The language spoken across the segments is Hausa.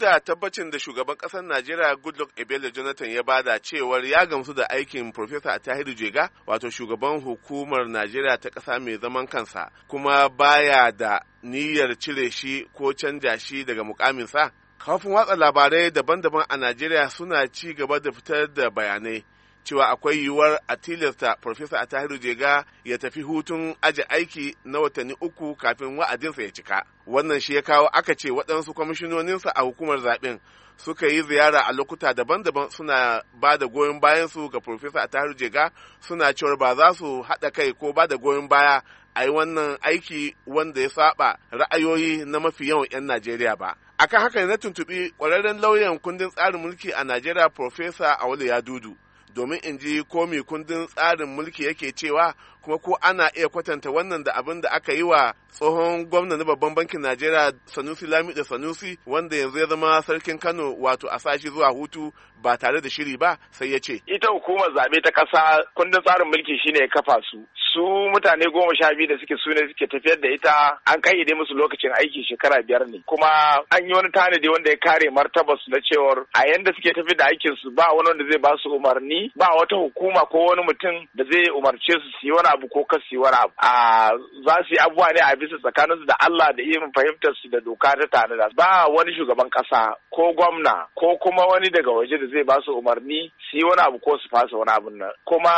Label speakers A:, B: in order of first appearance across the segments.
A: da tabbacin da shugaban ƙasar Najeriya Goodluck Ebele Jonathan ya bada cewar ya gamsu da aikin Profesa Tahiru Jega wato shugaban hukumar Najeriya ta ƙasa mai zaman kansa kuma baya da niyyar cire shi ko canja shi daga mukaminsa. Kafin watsa labarai daban-daban a Najeriya suna ci gaba da fitar da bayanai cewa akwai yiwuwar a tilasta Profesa Atahiru Jega ya tafi hutun aji aiki na watanni uku kafin wa'adinsa ya cika. Wannan shi ya kawo aka ce waɗansu kwamishinoninsa a hukumar zaɓen suka yi ziyara a lokuta daban-daban suna ba da goyon bayansu ga Profesa Atahiru Jega suna cewar ba za su haɗa kai ko ba da goyon baya a yi wannan aiki wanda ya saɓa ra'ayoyi na mafi yawan 'yan Najeriya ba. Akan haka ne na tuntuɓi ƙwararren lauyan kundin tsarin mulki a Najeriya Profesa Awolu Yadudu. domin in ji ko komi kundin tsarin mulki yake cewa kuma ko ana iya kwatanta wannan da abin da aka yi wa tsohon gwamna na babban bankin Najeriya Sanusi Lami da Sanusi wanda yanzu ya zama sarkin Kano wato a sashi zuwa hutu ba tare da shiri ba sai ya ce. Ita hukumar
B: zaɓe ta kasa kundin tsarin mulki shine ya kafa su. su mutane goma sha biyu da suke sune suke tafiyar da ita an kayyade musu lokacin aiki shekara biyar ne kuma an yi wani tanadi wanda ya kare martabarsu na cewar a yanda suke tafiyar da aikinsu ba wani wanda zai ba su umarni ba wata hukuma ko wani mutum da zai umarce su su yi wani abu ko abu a za su yi abubuwa ne a bisa tsakanin su da Allah da irin fahimtar su da doka ta tanada ba wani shugaban kasa ko gwamna ko kuma wani daga waje da zai ba su umarni su yi wani abu ko su fasa wani abun nan kuma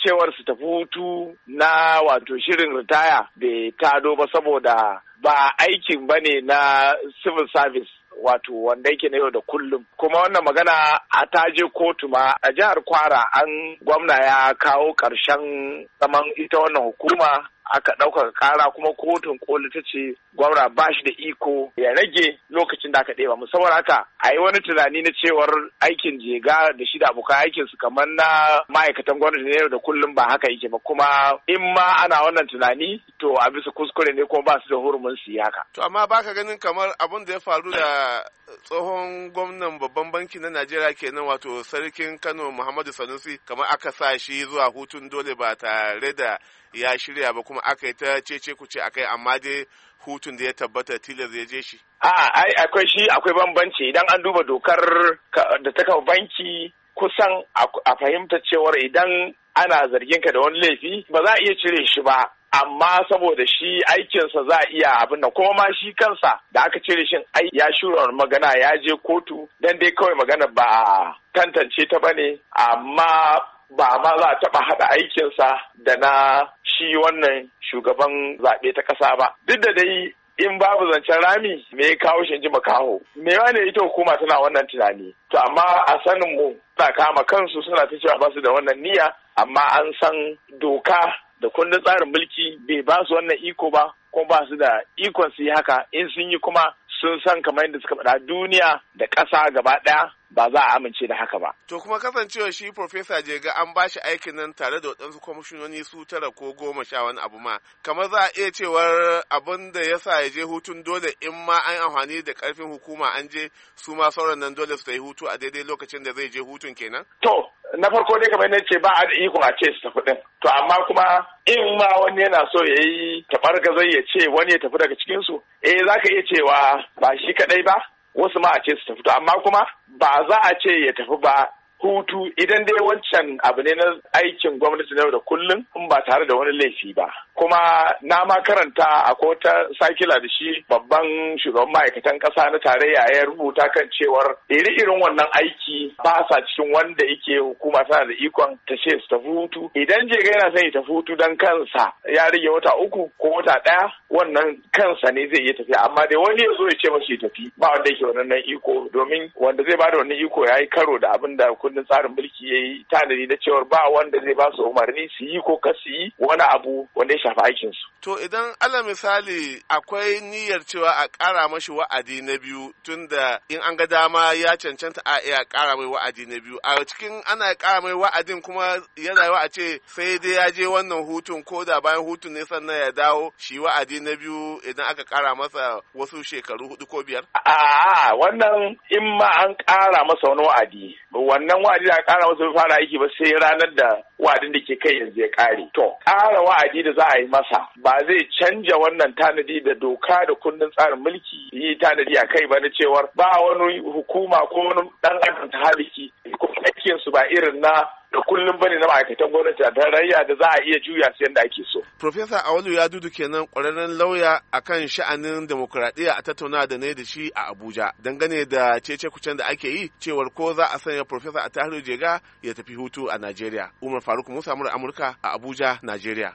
B: cewar su tafi hutu na wato shirin ritaya bai tado ba saboda ba aikin bane na civil service wato wanda yake na yau da kullum kuma wannan magana a ta je kotu ma a jihar kwara an gwamna ya kawo ƙarshen zaman ita wannan hukuma aka ɗaukaka ƙara kuma kotun koli ta ce gwamna ba shi da iko ya rage lokacin da aka ɗeba musamman haka a yi wani tunani na cewar aikin jega da shi da abokan aikin su kamar na ma'aikatan gwamnati ne da kullum ba haka yake ba kuma in ma ana wannan tunani to a bisa kuskure ne kuma ba su da hurumin su haka. to
A: amma baka ganin kamar abin da ya faru da tsohon gwamnan babban banki na Najeriya kenan wato sarkin Kano Muhammadu Sanusi kamar aka sa shi zuwa hutun dole ba tare da ya shirya ba kuma aka yi ta cece kuce yi amma dai hutun da ya tabbata tilas ya je shi.
B: A'a ai akwai shi akwai bambanci idan an duba dokar da ta kafa banki kusan a fahimta cewar idan ana zargin ka da wani laifi ba za a iya cire shi ba amma saboda shi aikinsa za a iya abin nan kuma ma shi kansa da aka cire shin ai ya shura magana ya je kotu dan dai kawai magana ba tantance ta bane amma ba ma za a taba hada aikinsa da na shi wannan shugaban zaɓe ta ƙasa ba duk da dai in babu zancen rami me ya kawo shi jima makaho me ne ita hukuma tana wannan tunani to amma a sanin mu suna kama kansu suna ta cewa basu da wannan niyya amma an san doka da kundin tsarin mulki bai ba su wannan iko ba ko ba su da ikon su yi haka in sun yi kuma sun san kamar yadda suka faɗa duniya da ƙasa gaba ɗaya ba za a amince da haka ba.
A: To kuma kasancewa shi Profesa Jega an ba shi aikin nan tare da waɗansu kwamishinoni su tara ko goma sha wani abu ma. Kamar za a iya cewar abin da ya sa ya je hutun dole in ma an amfani da ƙarfin hukuma an je su ma sauran nan dole su yi hutu a daidai lokacin da zai je hutun kenan? To
B: na farko dai kamar ce ba a da ikon a ce su tafi din to amma kuma in ma wani yana so ya yi tabargazai ya ce wani ya tafi daga cikin su eh zaka iya cewa ba shi kadai ba wasu ma a ce su tafi to amma kuma ba za a ce ya tafi ba hutu idan dai wancan abu ne na aikin gwamnati na yau da kullum in ba tare da wani laifi ba kuma na ma karanta a kota sakila da shi babban shugaban ma'aikatan kasa na tarayya ya rubuta kan cewar iri-irin wannan aiki ba sa cikin wanda yake hukuma tana da ikon ta ce su tafi hutu idan je yana son ya tafi hutu dan kansa ya rage wata uku ko wata daya wannan kansa ne zai iya tafiya amma dai wani ya zo ya ce mashi tafi ba wanda yake wannan iko domin wanda zai bada wannan iko ya yi karo da abin da kundin tsarin mulki ya yi tanadi na cewar ba wanda zai ba su umarni su yi ko kasu yi wani abu wanda ya shafi aikinsu.
A: To idan ala misali akwai niyyar cewa a ƙara mashi wa'adi na biyu tunda in an ga dama ya cancanta a iya ƙara mai wa'adi na biyu a cikin ana ƙara mai wa'adin kuma ya rayuwa a ce sai dai ya je wannan hutun ko da bayan hutun ne sannan ya dawo shi wa'adi na biyu idan aka ƙara masa wasu shekaru hudu ko biyar. A'a wannan
B: in ma an ƙara masa wani wa'adi wannan wa'adi da ƙara masa bai fara aiki ba sai ranar da wa'adin da ke kai yanzu ya kare to ƙara wa'adi da za a yi masa ba zai canja wannan tanadi da doka da kundin tsarin mulki yi tanadi a kai ba na cewar ba wani hukuma ko wani ɗan adam ta haliki ko aikinsu ba irin na da kullum bane na ma'aikatan gwamnati a tarayya da za a iya juya su yadda ake so.
A: Profesa Awalu ya dudu kenan ƙwararren lauya a kan sha'anin demokuraɗiyya a tattauna da ne da shi a Abuja dangane da cece kucen da ake yi cewar ko za a sanya Profesa Atahiru Jega ya tafi hutu a Najeriya. Umar Faruk Musa Amurka a Abuja, Najeriya.